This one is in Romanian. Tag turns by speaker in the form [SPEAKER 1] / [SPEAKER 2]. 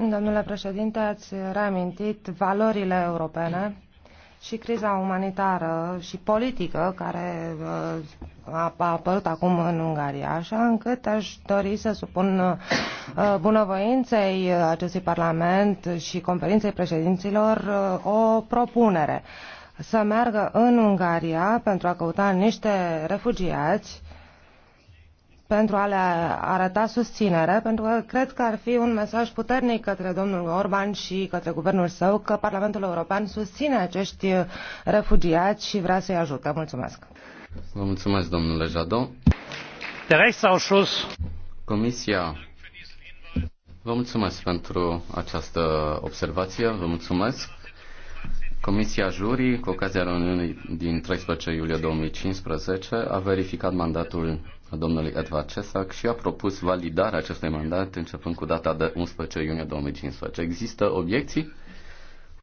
[SPEAKER 1] Domnule președinte, ați reamintit valorile europene și criza umanitară și politică care uh, a apărut acum în Ungaria, așa încât aș dori să supun uh, bunăvoinței acestui Parlament și conferinței președinților uh, o propunere să meargă în Ungaria pentru a căuta niște refugiați pentru a le arăta susținere, pentru că cred că ar fi un mesaj puternic către domnul Orban și către guvernul său că Parlamentul European susține acești refugiați și vrea să-i ajute. Mulțumesc!
[SPEAKER 2] Vă mulțumesc, domnule Jadot. Der Rechtsausschuss. Comisia. Vă mulțumesc pentru această observație. Vă mulțumesc. Comisia Jurii, cu ocazia reuniunii din 13 iulie 2015, a verificat mandatul domnului Edvard Cesac și a propus validarea acestui mandat începând cu data de 11 iunie 2015. Există obiecții?